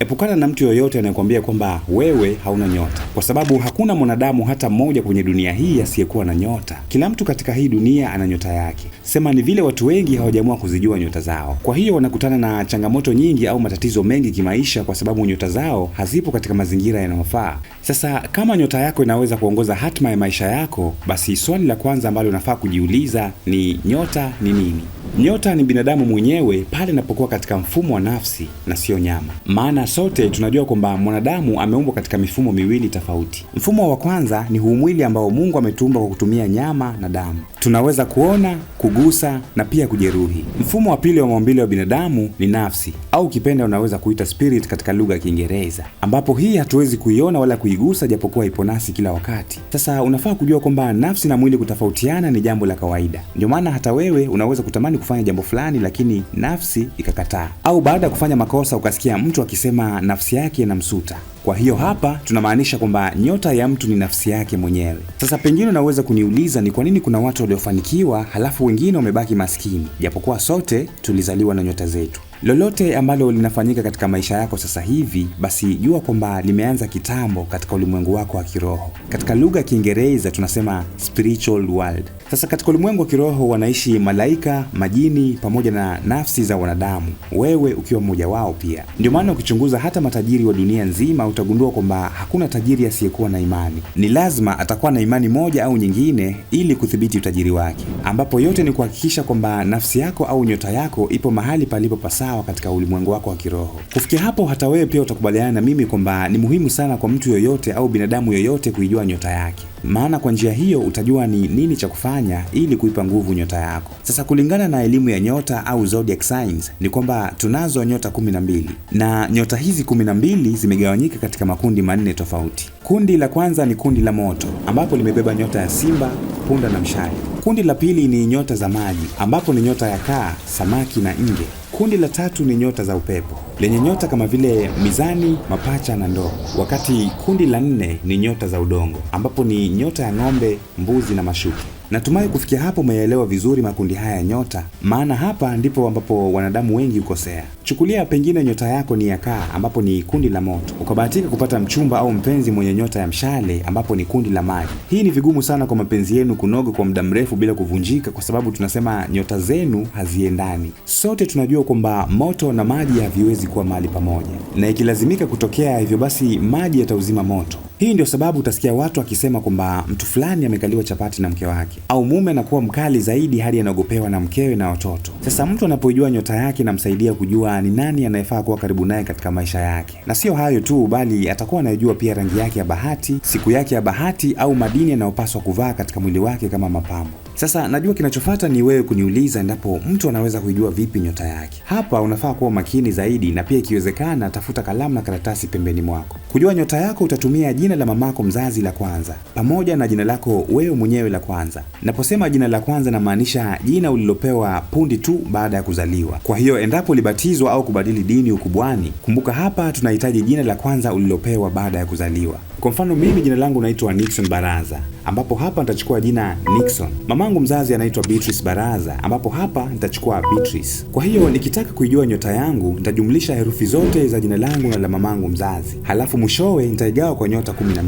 Epukana na mtu yoyote anayekwambia kwamba wewe hauna nyota, kwa sababu hakuna mwanadamu hata mmoja kwenye dunia hii asiyekuwa na nyota. Kila mtu katika hii dunia ana nyota yake, sema ni vile watu wengi hawajaamua kuzijua nyota zao. Kwa hiyo wanakutana na changamoto nyingi au matatizo mengi kimaisha, kwa sababu nyota zao hazipo katika mazingira yanayofaa. Sasa kama nyota yako inaweza kuongoza hatma ya maisha yako, basi swali la kwanza ambalo unafaa kujiuliza ni nyota ni nini? Nyota ni binadamu mwenyewe pale inapokuwa katika mfumo wa nafsi na sio nyama, maana sote tunajua kwamba mwanadamu ameumbwa katika mifumo miwili tofauti. Mfumo wa kwanza ni huu mwili ambao Mungu ametuumba kwa kutumia nyama na damu, tunaweza kuona, kugusa na pia kujeruhi. Mfumo wa pili wa maumbile wa binadamu ni nafsi, au ukipenda unaweza kuita spirit katika lugha ya Kiingereza, ambapo hii hatuwezi kuiona wala kui kuigusa, japokuwa ipo nasi kila wakati. Sasa unafaa kujua kwamba nafsi na mwili kutofautiana ni jambo la kawaida. Ndio maana hata wewe unaweza kutamani kufanya jambo fulani, lakini nafsi ikakataa, au baada ya kufanya makosa ukasikia mtu akisema nafsi yake inamsuta. Kwa hiyo hapa tunamaanisha kwamba nyota ya mtu ni nafsi yake mwenyewe. Sasa pengine unaweza kuniuliza ni kwa nini kuna watu waliofanikiwa halafu wengine wamebaki maskini, japokuwa sote tulizaliwa na nyota zetu. Lolote ambalo linafanyika katika maisha yako sasa hivi, basi jua kwamba limeanza kitambo katika ulimwengu wako wa kiroho. Katika lugha ya Kiingereza tunasema spiritual world. Sasa katika ulimwengu wa kiroho wanaishi malaika, majini pamoja na nafsi za wanadamu, wewe ukiwa mmoja wao pia. Ndio maana ukichunguza hata matajiri wa dunia nzima utagundua kwamba hakuna tajiri asiyekuwa na imani. Ni lazima atakuwa na imani moja au nyingine ili kuthibiti utajiri wake, ambapo yote ni kuhakikisha kwamba nafsi yako au nyota yako ipo mahali palipo pasa sawa katika ulimwengu wako wa kiroho. Kufikia hapo, hata wewe pia utakubaliana na mimi kwamba ni muhimu sana kwa mtu yoyote au binadamu yoyote kuijua nyota yake, maana kwa njia hiyo utajua ni nini cha kufanya ili kuipa nguvu nyota yako. Sasa kulingana na elimu ya nyota au zodiac signs ni kwamba tunazo nyota kumi na mbili na nyota hizi kumi na mbili zimegawanyika katika makundi manne tofauti. Kundi la kwanza ni kundi la moto ambapo limebeba nyota ya simba, punda na mshale. Kundi la pili ni nyota za maji ambapo ni nyota ya kaa, samaki na nge. Kundi la tatu ni nyota za upepo lenye nyota kama vile mizani, mapacha na ndoo, wakati kundi la nne ni nyota za udongo ambapo ni nyota ya ng'ombe, mbuzi na mashuke. Natumai kufikia hapo umeelewa vizuri makundi haya ya nyota, maana hapa ndipo ambapo wanadamu wengi hukosea. Chukulia pengine nyota yako ni ya kaa, ambapo ni kundi la moto, ukabahatika kupata mchumba au mpenzi mwenye nyota ya mshale, ambapo ni kundi la maji. Hii ni vigumu sana kwa mapenzi yenu kunoga kwa muda mrefu bila kuvunjika, kwa sababu tunasema nyota zenu haziendani. Sote tunajua kwamba moto na maji haviwezi kuwa mahali pamoja, na ikilazimika kutokea hivyo, basi maji yatauzima moto. Hii ndio sababu utasikia watu akisema kwamba mtu fulani amekaliwa chapati na mke wake, au mume anakuwa mkali zaidi hadi anaogopewa na mkewe na watoto. Sasa mtu anapojua nyota yake, namsaidia kujua ni nani anayefaa kuwa karibu naye katika maisha yake, na sio hayo tu, bali atakuwa anayejua pia rangi yake ya bahati, siku yake ya bahati, au madini anayopaswa kuvaa katika mwili wake kama mapambo. Sasa najua kinachofata ni wewe kuniuliza endapo mtu anaweza kuijua vipi nyota yake. Hapa unafaa kuwa makini zaidi, na pia ikiwezekana, tafuta kalamu na karatasi pembeni mwako. Kujua nyota yako utatumia jina la mamako mzazi la kwanza pamoja na jina lako wewe mwenyewe la kwanza. Naposema jina la kwanza, namaanisha jina ulilopewa pundi tu baada ya kuzaliwa. Kwa hiyo endapo ulibatizwa au kubadili dini ukubwani, kumbuka hapa tunahitaji jina la kwanza ulilopewa baada ya kuzaliwa. Kwa mfano, mimi jina langu naitwa Nixon Baraza, ambapo hapa nitachukua jina Nixon. Mama wangu mzazi anaitwa Beatrice Baraza, ambapo hapa nitachukua Beatrice. Kwa hiyo nikitaka kuijua nyota yangu nitajumlisha herufi zote za jina langu na la mamangu mzazi, halafu mwishowe nitaigawa kwa nyota 12.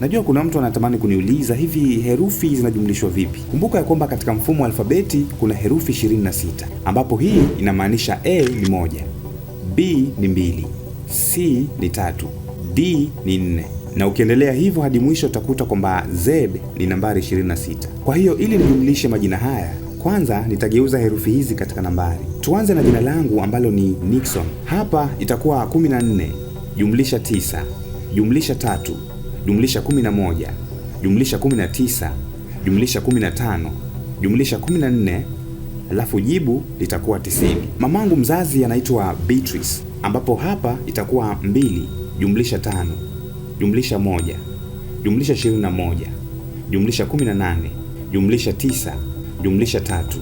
Najua kuna mtu anatamani kuniuliza hivi herufi zinajumlishwa vipi? Kumbuka ya kwamba katika mfumo wa alfabeti kuna herufi 26, ambapo hii inamaanisha A ni moja, B ni mbili, C ni tatu, D ni nne na ukiendelea hivyo hadi mwisho utakuta kwamba Zeb ni nambari 26. Kwa hiyo ili nijumlishe majina haya, kwanza nitageuza herufi hizi katika nambari. Tuanze na jina langu ambalo ni Nixon. Hapa itakuwa 14 jumlisha 9 jumlisha 3 jumlisha 11 jumlisha 19 jumlisha 15 jumlisha 14 alafu jibu litakuwa 90. Mamangu mzazi anaitwa Beatrice ambapo hapa itakuwa 2 jumlisha 5 jumlisha moja jumlisha ishirini na moja jumlisha kumi na nane jumlisha tisa jumlisha tatu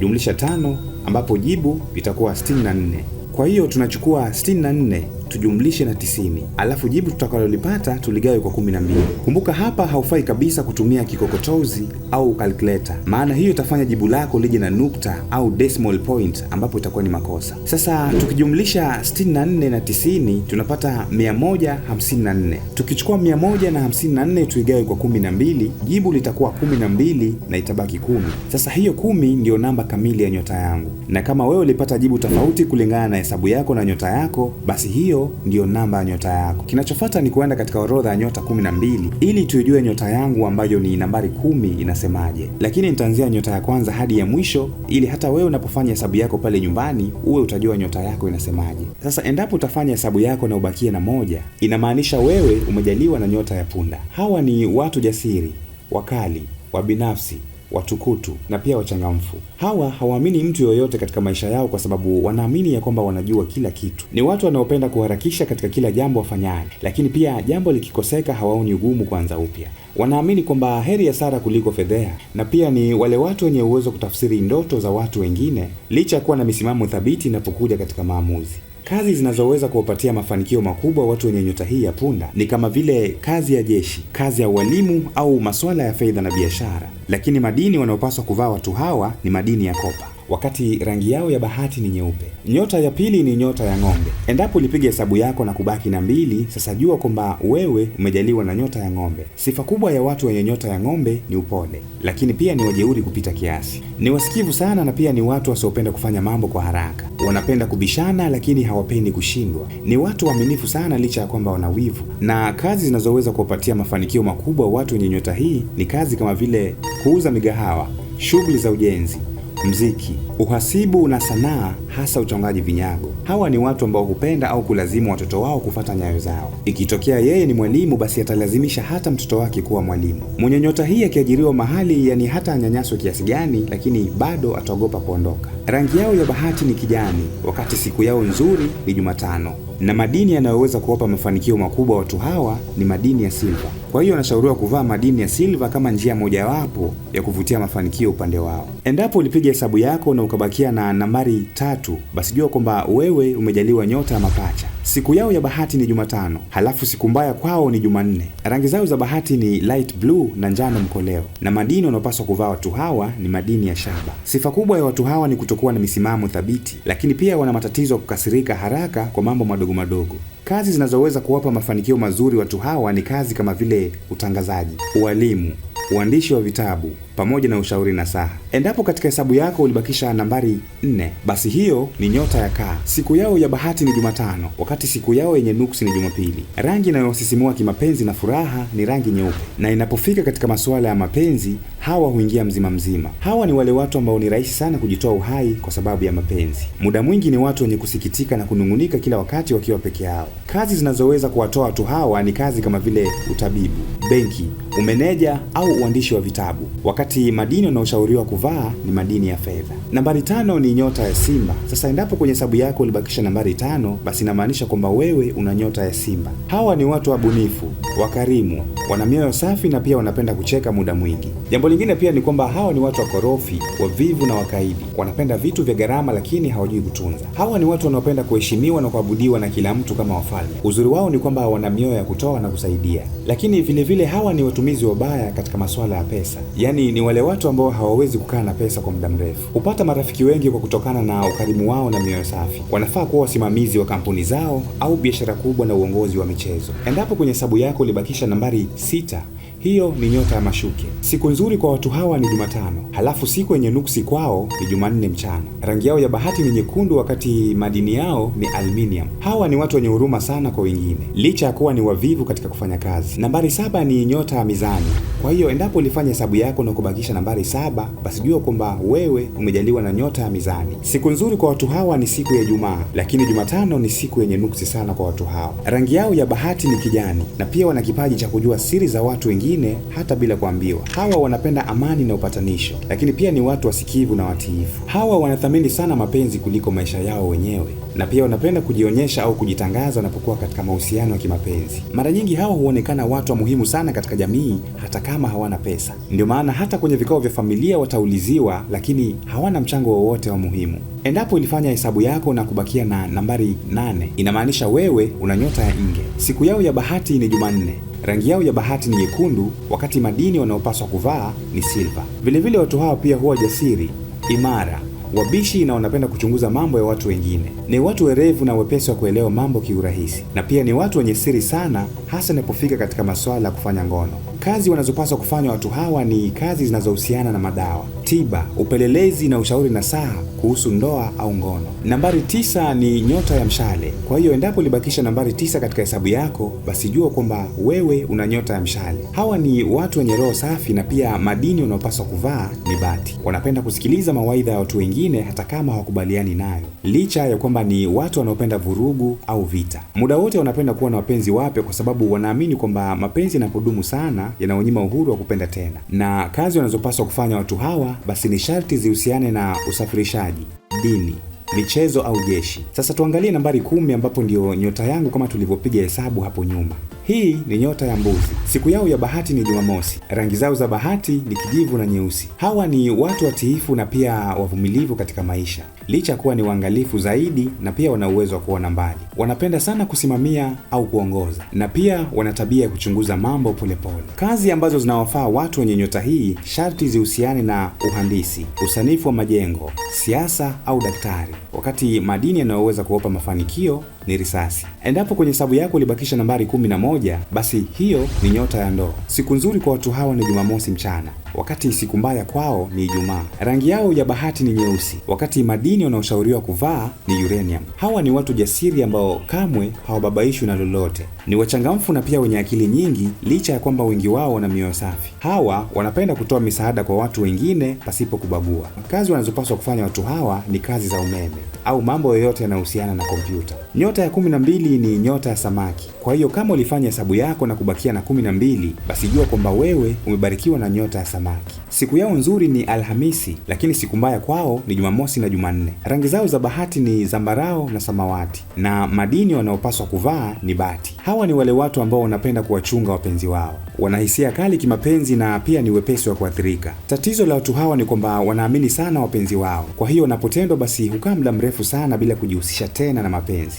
jumlisha tano ambapo jibu itakuwa na nne Kwa hiyo tunachukua 64 tujumlishe na 90, alafu jibu tutakalolipata tuligawe kwa 12. Kumbuka hapa haufai kabisa kutumia kikokotozi au calculator, maana hiyo itafanya jibu lako lije na nukta au decimal point, ambapo itakuwa ni makosa. Sasa tukijumlisha 64 na 90 tunapata 154. Tukichukua 154 tuigawe kwa 12, jibu litakuwa 12 na itabaki kumi Sasa hiyo kumi ndiyo namba kamili ya nyota yangu, na kama wewe ulipata jibu tofauti kulingana na hesabu yako na nyota yako, basi hiyo hiyo ndiyo namba ya nyota yako. Kinachofuata ni kuenda katika orodha ya nyota kumi na mbili ili tujue nyota yangu ambayo ni nambari kumi inasemaje, lakini nitaanzia nyota ya kwanza hadi ya mwisho, ili hata wewe unapofanya hesabu yako pale nyumbani uwe utajua nyota yako inasemaje. Sasa endapo utafanya hesabu yako na ubakie na moja, inamaanisha wewe umejaliwa na nyota ya punda. Hawa ni watu jasiri, wakali, wabinafsi watukutu na pia wachangamfu. Hawa hawaamini mtu yoyote katika maisha yao, kwa sababu wanaamini ya kwamba wanajua kila kitu. Ni watu wanaopenda kuharakisha katika kila jambo wafanyaye lakini pia jambo likikoseka hawaoni ugumu kwanza upya. Wanaamini kwamba heri ya sara kuliko fedheha, na pia ni wale watu wenye uwezo kutafsiri ndoto za watu wengine, licha ya kuwa na misimamo thabiti inapokuja katika maamuzi. Kazi zinazoweza kuwapatia mafanikio makubwa watu wenye nyota hii ya punda ni kama vile kazi ya jeshi, kazi ya ualimu au masuala ya fedha na biashara. Lakini madini wanaopaswa kuvaa watu hawa ni madini ya kopa wakati rangi yao ya bahati ni nyeupe. Nyota ya pili ni nyota ya ng'ombe. Endapo ulipiga hesabu yako na kubaki na mbili, sasa jua kwamba wewe umejaliwa na nyota ya ng'ombe. Sifa kubwa ya watu wenye nyota ya ng'ombe ni upole, lakini pia ni wajeuri kupita kiasi, ni wasikivu sana, na pia ni watu wasiopenda kufanya mambo kwa haraka. Wanapenda kubishana, lakini hawapendi kushindwa. Ni watu waaminifu sana, licha ya kwamba wana wivu, na kazi zinazoweza kuwapatia mafanikio makubwa watu wenye nyota hii ni kazi kama vile kuuza migahawa, shughuli za ujenzi mziki, uhasibu na sanaa, hasa uchongaji vinyago. Hawa ni watu ambao hupenda au kulazimu watoto wao kufata nyayo zao. Ikitokea yeye ni mwalimu, basi atalazimisha hata mtoto wake kuwa mwalimu. Mwenye nyota hii akiajiriwa mahali, yani hata anyanyaswe kiasi gani, lakini bado ataogopa kuondoka. Rangi yao ya bahati ni kijani, wakati siku yao nzuri ni Jumatano, na madini yanayoweza kuwapa mafanikio makubwa watu hawa ni madini ya silva. Kwa hiyo wanashauriwa kuvaa madini ya silva kama njia mojawapo ya kuvutia mafanikio upande wao. Endapo ulipiga hesabu yako na ukabakia na nambari tatu, basi jua kwamba wewe umejaliwa nyota ya mapacha. Siku yao ya bahati ni Jumatano, halafu siku mbaya kwao ni Jumanne. Rangi zao za bahati ni light blue na njano mkoleo, na madini wanaopaswa kuvaa watu hawa ni madini ya shaba. Sifa kubwa ya watu hawa ni kutokuwa na misimamo thabiti, lakini pia wana matatizo ya kukasirika haraka kwa mambo madogo madogo. Kazi zinazoweza kuwapa mafanikio mazuri watu hawa ni kazi kama vile utangazaji, ualimu, uandishi wa vitabu pamoja na ushauri na saha. Endapo katika hesabu yako ulibakisha nambari nne, basi hiyo ni nyota ya kaa. Siku yao ya bahati ni Jumatano, wakati siku yao yenye nuksi ni Jumapili. Rangi inayowasisimua kimapenzi na furaha ni rangi nyeupe, na inapofika katika masuala ya mapenzi hawa huingia mzima mzima. Hawa ni wale watu ambao ni rahisi sana kujitoa uhai kwa sababu ya mapenzi. Muda mwingi ni watu wenye kusikitika na kunung'unika kila wakati wakiwa peke yao. Kazi zinazoweza kuwatoa watu hawa ni kazi kama vile utabibu, benki, umeneja au uandishi wa vitabu, wakati madini unaoshauriwa kuvaa ni madini ya fedha. Nambari tano ni nyota ya simba. Sasa endapo kwenye hesabu yako ulibakisha nambari tano, basi inamaanisha kwamba wewe una nyota ya simba. Hawa ni watu wabunifu, wakarimu, wana mioyo safi na pia wanapenda kucheka muda mwingi. Jambo lingine pia ni kwamba hawa ni watu wakorofi, wavivu na wakaidi, wanapenda vitu vya gharama lakini hawajui kutunza. Hawa ni watu wanaopenda kuheshimiwa na kuabudiwa na kila mtu kama wafalme. Uzuri wao ni kwamba wana mioyo ya kutoa na kusaidia, lakini vilevile vile hawa ni watumizi wabaya katika masuala ya pesa, yaani ni wale watu ambao hawawezi kukaa na pesa kwa muda mrefu. Hupata marafiki wengi kwa kutokana na ukarimu wao na mioyo safi. Wanafaa kuwa wasimamizi wa kampuni zao au biashara kubwa na uongozi wa michezo. Endapo kwenye hesabu yako ulibakisha nambari sita hiyo ni nyota ya mashuke. Siku nzuri kwa watu hawa ni Jumatano, halafu siku yenye nuksi kwao ni Jumanne mchana. Rangi yao ya bahati ni nyekundu, wakati madini yao ni aluminium. Hawa ni watu wenye huruma sana kwa wengine, licha ya kuwa ni wavivu katika kufanya kazi. Nambari saba ni nyota ya Mizani. Kwa hiyo endapo ulifanya hesabu yako na kubakisha nambari saba, basi jua kwamba wewe umejaliwa na nyota ya Mizani. Siku nzuri kwa watu hawa ni siku ya Jumaa, lakini Jumatano ni siku yenye nuksi sana kwa watu hawa. Rangi yao ya bahati ni kijani, na pia wana kipaji cha kujua siri za watu wengine wengine hata bila kuambiwa. Hawa wanapenda amani na upatanisho, lakini pia ni watu wasikivu na watiifu. Hawa wanathamini sana mapenzi kuliko maisha yao wenyewe, na pia wanapenda kujionyesha au kujitangaza wanapokuwa katika mahusiano ya kimapenzi. Mara nyingi hawa huonekana watu wa muhimu sana katika jamii, hata kama hawana pesa. Ndio maana hata kwenye vikao vya familia watauliziwa, lakini hawana mchango wowote wa muhimu. Endapo ulifanya hesabu yako na kubakia na nambari nane, inamaanisha wewe una nyota ya nge. Siku yao ya bahati ni Jumanne. Rangi yao ya bahati ni nyekundu, wakati madini wanaopaswa kuvaa ni silva. Vilevile watu hawa pia huwa jasiri, imara, wabishi na wanapenda kuchunguza mambo ya watu wengine. Ni watu werevu na wepesi wa kuelewa mambo kiurahisi, na pia ni watu wenye siri sana, hasa inapofika katika masuala ya kufanya ngono. Kazi wanazopaswa kufanya watu hawa ni kazi zinazohusiana na madawa, tiba, upelelezi na ushauri na saha kuhusu ndoa au ngono. Nambari tisa ni nyota ya mshale. Kwa hiyo endapo ulibakisha nambari tisa katika hesabu yako, basi jua kwamba wewe una nyota ya mshale. Hawa ni watu wenye roho safi na pia madini wanaopaswa kuvaa ni bati. Wanapenda kusikiliza mawaidha ya watu wengine hata kama hawakubaliani nayo, licha ya kwamba ni watu wanaopenda vurugu au vita. Muda wote wanapenda kuwa na wapenzi wapya, kwa sababu wanaamini kwamba mapenzi yanapodumu sana yanaonyima uhuru wa kupenda tena, na kazi wanazopaswa kufanya watu hawa basi ni sharti zihusiane na usafirishaji, dini michezo au jeshi. Sasa tuangalie nambari kumi ambapo ndio nyota yangu kama tulivyopiga hesabu hapo nyuma. Hii ni nyota ya mbuzi. Siku yao ya bahati ni Jumamosi. Rangi zao za bahati ni kijivu na nyeusi. Hawa ni watu watiifu na pia wavumilivu katika maisha, licha kuwa ni waangalifu zaidi na pia wana uwezo wa kuona mbali. Wanapenda sana kusimamia au kuongoza, na pia wana tabia ya kuchunguza mambo polepole pole. Kazi ambazo zinawafaa watu wenye nyota hii sharti zihusiane na uhandisi, usanifu wa majengo, siasa au daktari, wakati madini yanayoweza kuwapa mafanikio ni risasi. Endapo kwenye hesabu yako ulibakisha nambari kumi na moja, basi hiyo ni nyota ya ndoo. Siku nzuri kwa watu hawa ni Jumamosi mchana, wakati siku mbaya kwao ni Ijumaa. Rangi yao ya bahati ni nyeusi, wakati madini wanaoshauriwa kuvaa ni uranium. Hawa ni watu jasiri ambao kamwe hawababaishwi na lolote, ni wachangamfu na pia wenye akili nyingi, licha ya kwamba wengi wao wana mioyo safi. Hawa wanapenda kutoa misaada kwa watu wengine pasipo kubagua. Kazi wanazopaswa kufanya watu hawa ni kazi za umeme au mambo yoyote yanayohusiana na kompyuta. Nyota ya 12 ni nyota ya samaki. Kwa hiyo kama ulifanya hesabu yako na kubakia na 12, basi jua kwamba wewe umebarikiwa na nyota ya samaki. Siku yao nzuri ni Alhamisi, lakini siku mbaya kwao ni Jumamosi na Jumanne. Rangi zao za bahati ni zambarao na samawati, na madini wanaopaswa kuvaa ni bati. Hawa ni wale watu ambao wanapenda kuwachunga wapenzi wao, wana hisia kali kimapenzi na pia ni wepesi wa kuathirika. Tatizo la watu hawa ni kwamba wanaamini sana wapenzi wao, kwa hiyo wanapotendwa basi hukaa muda mrefu sana bila kujihusisha tena na mapenzi.